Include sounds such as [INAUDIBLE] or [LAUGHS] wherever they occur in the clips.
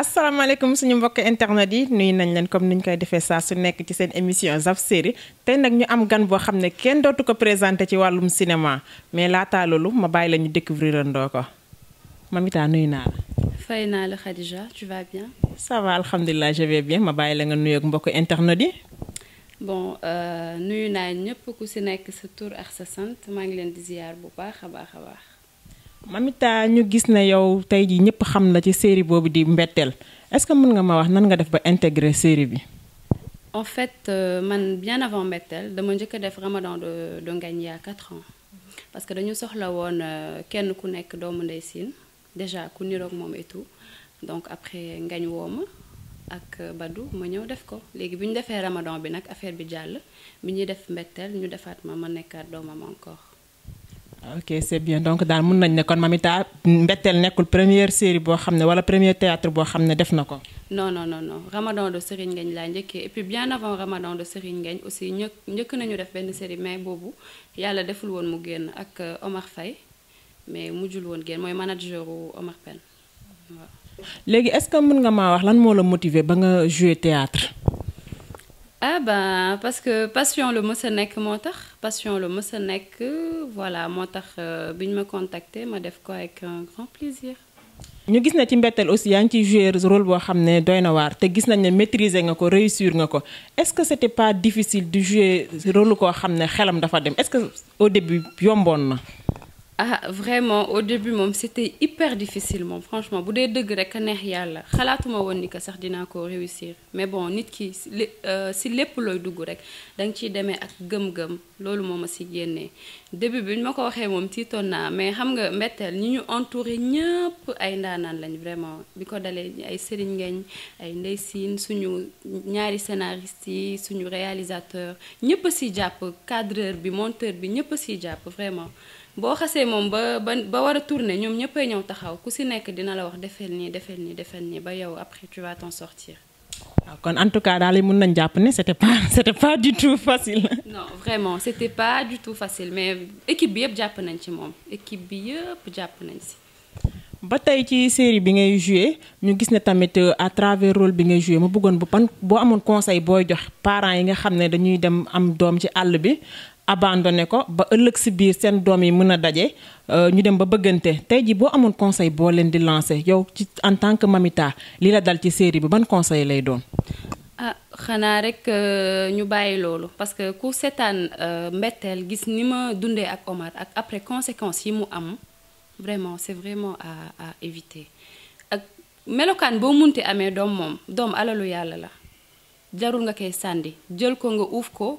asalaamaaleykum suñu mbokk internet yi nuyu nañ leen comme niñ koy defee saa su nekk ci seen émission Zap Série tey nag ñu am gan boo xam ne kenn dootu ko présenté ci wàllum cinéma mais laataa loolu ma bàyyi la ñu découvrir ndoo ko Mamita nuyu naa la. fay naa la Khadija tu vas bien. ça va alhamdulilah je vais bien ma bàyyi la nga nuyoog mbokk internet yi. bon euh, nuyu naa ñëpp ku si nekk sa tur ak sa sant maa ngi leen di ziar bu baax a baax a baax. Mamita ñu gis na yow tey jii ñëpp xam la ci série boobu di Mbettel. est-ce que mën nga ma wax nan nga def ba intégrer série bi. en fait euh, man bien avant Mbettel, dama njëkk a def Ramadan de de Ngagne y a 4 ans parce que dañu soxla woon euh, kenn ku nekk doomu Ndeye Sine déjà ku niroog moom et tout donc après Ngagne woo ak euh, Badou ma ñëw def ko légui bi ñu Ramadan bi nak affaire bi jall bi ñuy def mbettel ñu defaat ma ma doom am encore ok c'est bien donc daal mën nañ ne kon Mamita Mbettel nekkul première série boo xam ne wala premier théâtre boo xam ne def na ko. non non non non Ramadan de Serigne Ngagne laa njëkkee et puis bien avant Ramadan de Serigne Ngagne aussi ñëk njëkk nañu def benn série mais boobu yàlla deful woon mu génn ak euh, Omar Faye mais mujjul woon génn mooy manager Omar Pen. waaw. léegi est-ce que mën nga maa wax lan moo la motiver ba nga jouer théâtre ah ben parce que passion le mot c'est passion le mot c'est voilà mon tax me euh, contacter, ma ma def avec un grand plaisir. Nous, gis na ci mbettel aussi yaa ngi ciy rôle boo xam ne doy na te gis nañ ne maîtriser nga ko réussir nga est-ce que c'était pas difficile de jouer rôle koo xam ne xelam dafa dem est-ce que au début yomboon na ah vraiment au début moom c'était hyper difficile moom franchement bu dee dëgg rek a neex yàlla xalaatuma woon ni que sax dina ko réussir mais bon nit ki si lepp euh, loy dugg rek dang ci démé ak gëm-gëm lolou moo si génné début bi mako waxé ko waxee mais xam nga mbetteel ñi ñu entouré ñëpp ay ndaanaan lañ vraiment biko dalé ay Serigne Ngagne ay Ndeye suñu ñaari scénariste suñu réalisateur ñëpp si japp cadreur bi monteur bi ñëpp si japp vraiment boo xasee moom ba ba tourner après tu vas t'en sortir. en tout cas [LAUGHS] pas du tout facile. non vraiment c'était pas du tout facile mais équipe bi yëpp équipe bi nañ série bi ngay joué euh, à travers rôle bi ngay bu conseil parents yi nga dañuy dem abandonné ko ba ëllëg ci biir seen doom yi mën a daje euh, ñu dem ba bëggante tey ji boo amoon conseil boo leen di lancer yow ci en tant que Mamita li la dal ci série bi ban conseil lay doon. ah xanaa rek euh, ñu bàyyi loolu parce que ku seetaan euh, mbetteel gis ni ma dundee ak Omar ak après conséquences yi mu am vraiment c'est vraiment à à éviter ak melokaan boo munti amee doom moom doom alalu yàlla la jarul nga koy sàndi jël ko nga uuf ko.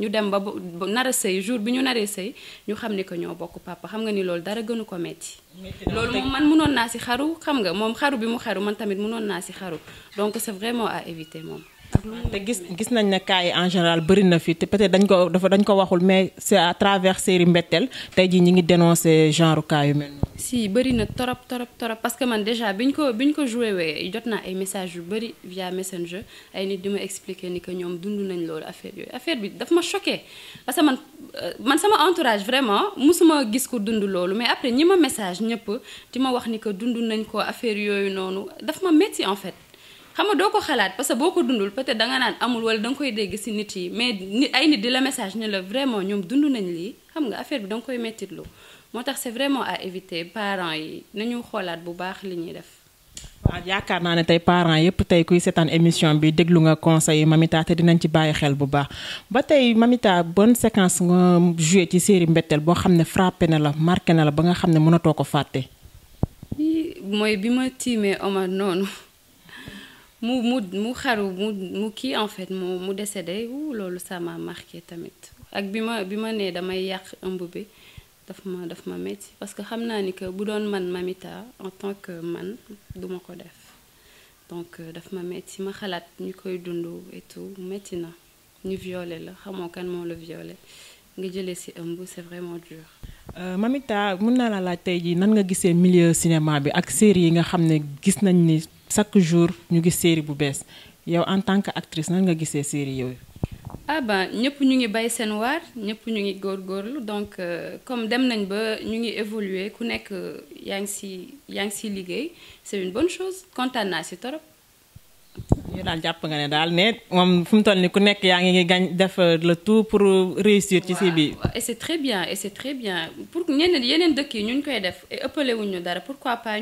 ñu dem ba bu sëy jour bi ñu naree sëy ñu xam ne que ñoo bokk papa xam nga ni loolu dara gënu ko metti loolu moom man mënoon naa si xaru xam nga moom xaru bi mu xaru man tamit mënoon naa si xaru donc c'est vraiment à éviter moom te gis gis nañ ne cas en général peut-être dañ ko dañ mais c'est à travers série ngi dénoncer genre cas yu si parce que man déjà biñ ko biñ ko joué wee jot ay messages yu via messenger ay nit expliquer ni que dund ma choqué parce que man euh, man sama entourage vraiment musuma gis ko dund mais après ñi message ni que dund nañ ko affaire en fait. xam nga doo ko xalaat parce que boo ko dundul peut-être danga naan amul wala danga koy dégg ci nit yi mais nit ay nit di la message ne la vraiment ñoom dund nañ lii xam nga affaire bi danga koy mettitlu moo tax c'est vraiment à éviter parents yi nañu xoolaat bu baax li ñuy def. waaw yaakaar naa ne tey parent yëpp tey kuy seetaan émission bi déglu nga conseil yi Mamita te dinañ ci bàyyi xel bu baax ba tey Mamita bon séquence nga joué ci série Mbettel boo xam ne frappé na la marqué na la ba nga xam ne mënatoo ko fàtte. mooy bi ma tiimee Omar noonu. mu mu mu xaru mu mu kii en fait mu mu décédé wu loolu ça m'a marqué tamit ak bi ma bi ma nee damay yàq ëmb bi daf ma daf ma métti parce que xam naa ni que bu doon man Mamita en tant que man duma ko def donc euh, daf ma métti ma xalaat ñu koy dund et tout métti na ñu violé la xamoo kan moo la violé nga jëlee ci ëmb c'est vraiment dur. Euh, Mamita mën naa la laaj tey nan nga gisee milieu cinéma bi ak série yi nga xam ne gis nañ ni chaque jour ñu une série en tant que actrice série ah ben ñëpp ñu ngi bay seen waar ñëpp ñu donc euh, comme dem nañ ba ñu ngi évoluer ku euh, c'est une bonne chose ne ne le tout pour euh, réussir et c'est très bien et c'est très bien pour pourquoi pas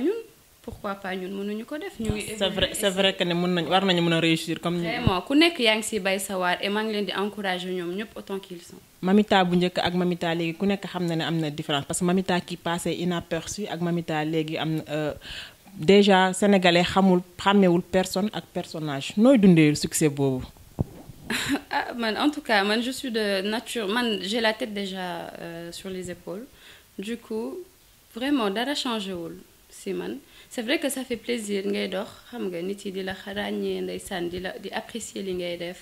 pourquoi pas ñun mënuñu ko def. ñu c'est vrai c'est vrai que ne mën nañ war nañu mëna réussir comme. vraiment ku nekk yaa ngi siy bay savoir, et ma ngi leen di encourager ñoom ñëpp autant qu'ils sont. Mamita bu njëkk ak Mamita léegi ku nekk xam na ne am différence parce que Mamita qui passait inaperçu ak Mamita léegi am na euh, déjà sénégalais xamul xàmmewul personne ak personnage nooy dundee succès boobu. [LAUGHS] ah man en tout cas man je suis de nature man j'ai la tête déjà euh, sur les épaules du coup vraiment dara changé wul si man c'est vrai que ça fait plaisir ngay dox xam nga nit yi di la ràññee ndeysaan di apprécier li ngay def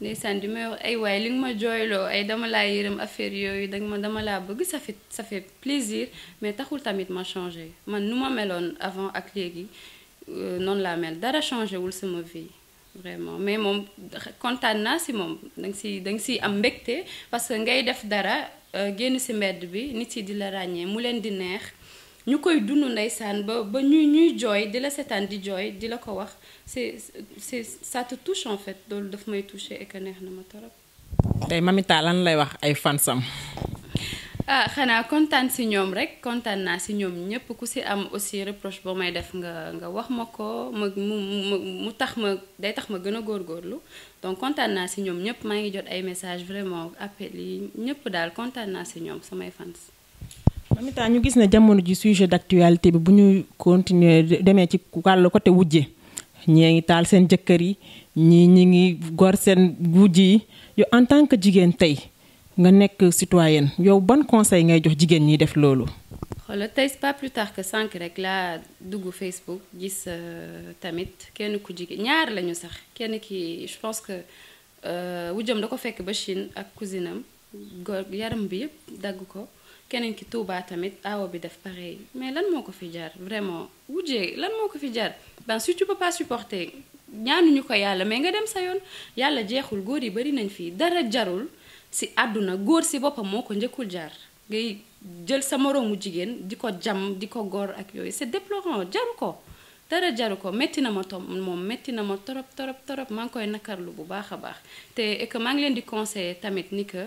ndeysaan di may wax ay waay li nga ma jooyloo ay dama laa yërëm affaire yooyu danga ma dama laa bëgg ça fait ça fait plaisir mais taxul tamit ma changé man nu ma meloon avant ak léegi euh, non la mel dara changé wul sama vie vraiment mais moom kontaan naa si moom da nga si da nga siy am mbégte parce que ngay def dara euh, génn si mbedd bi nit yi di la ràññee mu leen di neex ñu koy dund ndeysaan ba ba ñuy ñuy joy di la seetaan di joy di la ko wax c'est c'est ça te touche en fait loolu daf may toucher et que neex na ma torop tey mamita lan lay wax ay fansam ah xanaa kontaan si ñoom rek kontaan naa si ñoom ñépp ku si am aussi reproche boo may def nga nga wax ma ko ma mu mu tax ma day tax ma gën a góorgóorlu donc kontaan naa si ñoom ñépp maa ngi jot ay message vraiment appel yi ñépp daal kontaan naa si ñoom samay fans amita ñu gis ne jamono ji sujet d'actualité bi bu ñu continuer demee ci wàllu côté wujje ñii ngi taal seen jëkkër yi ñii ñi ngi gor seen wujj yi yow en tant que jigéen tey nga nekk citoyenne yow ban conseil ngay jox jigéen ñi def loolu xoola tey pas plus tard que sànq rek laa dugg Facebook gis euh, tamit kenn ku jigéen ñaar lañu sax kenn ki je pense que euh, wujjam da ko fekk ba Chine ak cousinam gor yaram bi yëpp dagg ko keneen ki Touba tamit aawa bi def pareil mais lan moo ko fi jar vraiment wujjee lan moo ko fi jar ben si tu peux pas supporter ñaanuñu ko yàlla mais nga dem sa yoon yàlla jeexul góor yi bari nañ fii dara jarul si àdduna góor si boppam moo ko njëkkul jar ngay jël sa moroomu jigéen di ko jam di ko góor ak yooyu c'est déplorant jaru ko dara jaru ko métti na ma moom métti na ma torop torop torop maa ngi koy nakarlu bu baax a baax te et que maa ngi leen di conseiller tamit ni que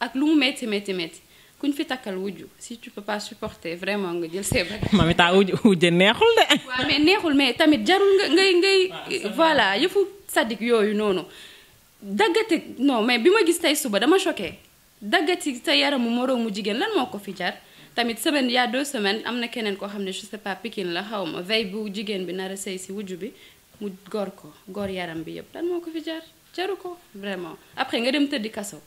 ak lu mu métti métti métti kuñ fi takkal wujju si tu peux pas supporter vraiment nga jël see bagage. [LAUGHS] mami taa wujju wujju neexul de. [LAUGHS] wa mais neexul mais tamit jarul nga ngay ngay. voilà yefu sadik yoyu noonu. daggate non mais bima gis tay suba dama choqué daggati sa yaramu mu jigen lan moko fi jar. tamit semaine ya deux semaines amna kenen ko xamne je sais pas Pikine la xawma ma veille bu jigéen bi nara a sëy si wujju bi mu gor ko gor yaram bi yëpp lan moko fi jar jaru ko vraiment après nga dem tëddi kasso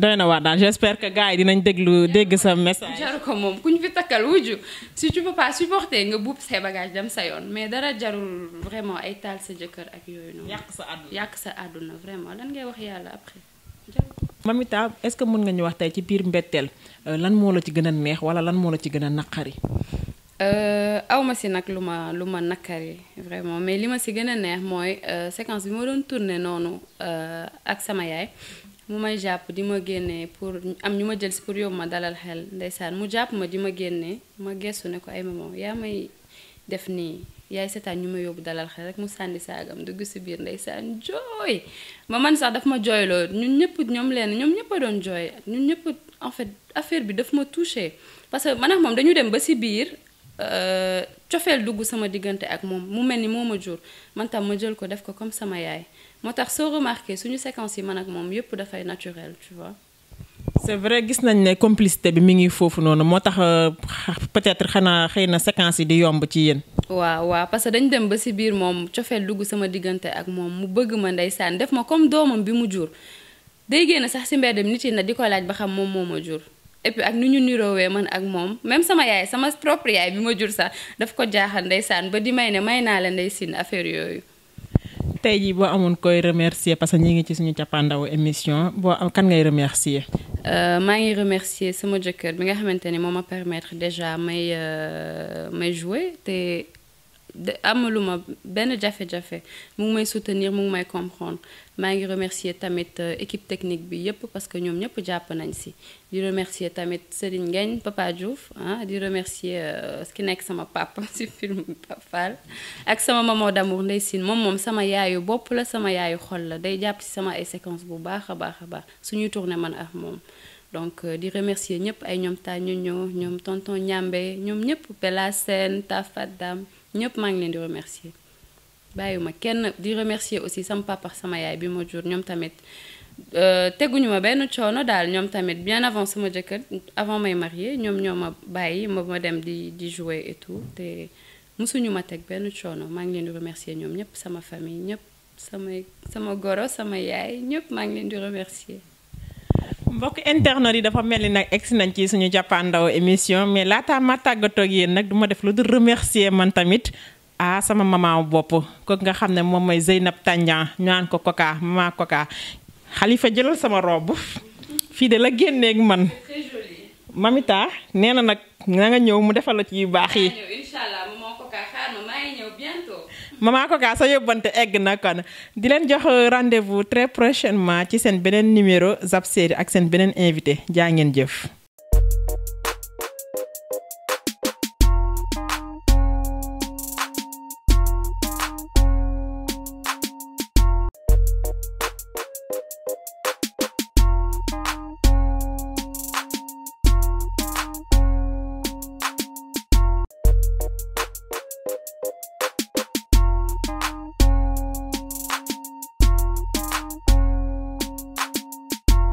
doy na waar daal j'espère que gars yi dinañ déglu dégg sa message. jaru ko moom kuñ fi takkal wujju si tu peux pas supporter nga buub say bagage dem sa yoon mais dara jarul vraiment ay taal sa jëkkër ak yooyu noonu. yàq sa àdduna yàq sa àdduna vraiment lan ngay wax yàlla après. Mamita est-ce que mën nga ñu wax tey ci biir mbetteel euh, lan moo la ci gën a neex wala lan moo la ci gën a naqari. Euh, aw ma si nag lu ma lu ma naqari vraiment mais li ma si gën a neex mooy euh, séquence bi ma doon tourné noonu ak sama yaay. mu may jàpp di ma génnee pour am ñu ma jël si pour yóbbu ma dalal xel ndeysaan mu jàpp ma di ma génnee ma gestu ne ko ay maman yaa may def nii yaay setaan ñu ma yóbbu dalal xel rek mu sànni saagam dugg si biir ndeysaan jooy ba man sax daf ma jooyloo ñun ñëpp ñoom leen ñoom ñëpp doon jooy ñun ñëpp en fait affaire bi daf ma touché parce que man ak moom dañu dem ba si biir euh, cofeel dugg sama diggante ak moom mu mel ni moo ma jur man tam ma jël ko def ko comme sama yaay. moo tax soo remarqué suñu séquence yi man ak moom yëpp dafay naturel tu vois. vrai gis nañ ne complicité bi mi ngi foofu noonu moo tax euh, peut-être xanaa xëy na séquence yi di yomb ci yéen. waaw waaw parce que dañ dem ba si biir moom cofeel dugg sama diggante ak moom mu bëgg ma ndeysaan def ma comme doomam bi mu jur. day génn sax si dem nit yi nag di ko laaj ba xam moom moo ma jur et ak nu ñu niroowee man ak moom même sama yaay sama propre yaay bi ma jur sax daf ko jaaxal ndeysaan ba di may ne may naa la ndey siin affaire yooyu. tey jii bo amone koy remercier parce que ñi ngi ci suñu cappaandawu émission bo kan ngay remercier. euh ma ngi remercier sama jëkkër bi nga xamanteni moma permettre déjà may euh may jouer té amaluma benn jafe jafé mu ngi may soutenir mu ngi may comprendre maa ngi remercier tamit euh, équipe technique bi yépp parce que ñom ñëpp japp nañ ci di remercier tamit Serigne Ngagne Papa Diouf hein di remercier ce euh, ki nekk sama papa [LAUGHS] si film Pape Fall ak sama maman d'amour Ndeye mom mom sama yaayu bop la sama yaayu xol la day japp ci sama ay séquences bu baax a ba suñu tourner man ak mom donc euh, di remercier ñëpp ay ñom ta ñu ñoo ñom tonton ñambe ñom ñëpp Bella Sène Tafat Dame ñëpp maa ngi leen di remercier bàyyiwuma kenn di remercier aussi sama papa sama yaay bi ma jur ñoom tamit euh, teguñu ma benn daal bien avant sama jëkkër avant may marié ñoom ñoo ma dem di di jouer et tout ma remercier famille sama goro sama remercier mbokk internet yi dafa mel ni nag egsi nañ ci suñu jàppandaw émission mais laataa ma tàggatoo ak yéen nag duma ma def lu dul remercier man tamit ah sama maman bopp kooku nga xam ne moom mooy Zeynab Tandian ñu naan ko Koka maman Koka xalifa jëlal sama robe fii de la génneeg man. mamita nee na nag na ñëw mu defal la ci yu baax yi. maman Coka sa yóbbante egg na kon di leen jox euh, rendez-vous très prochainement ci seen beneen numéro Zap Série ak seen beneen invité jaa ngeen jëf.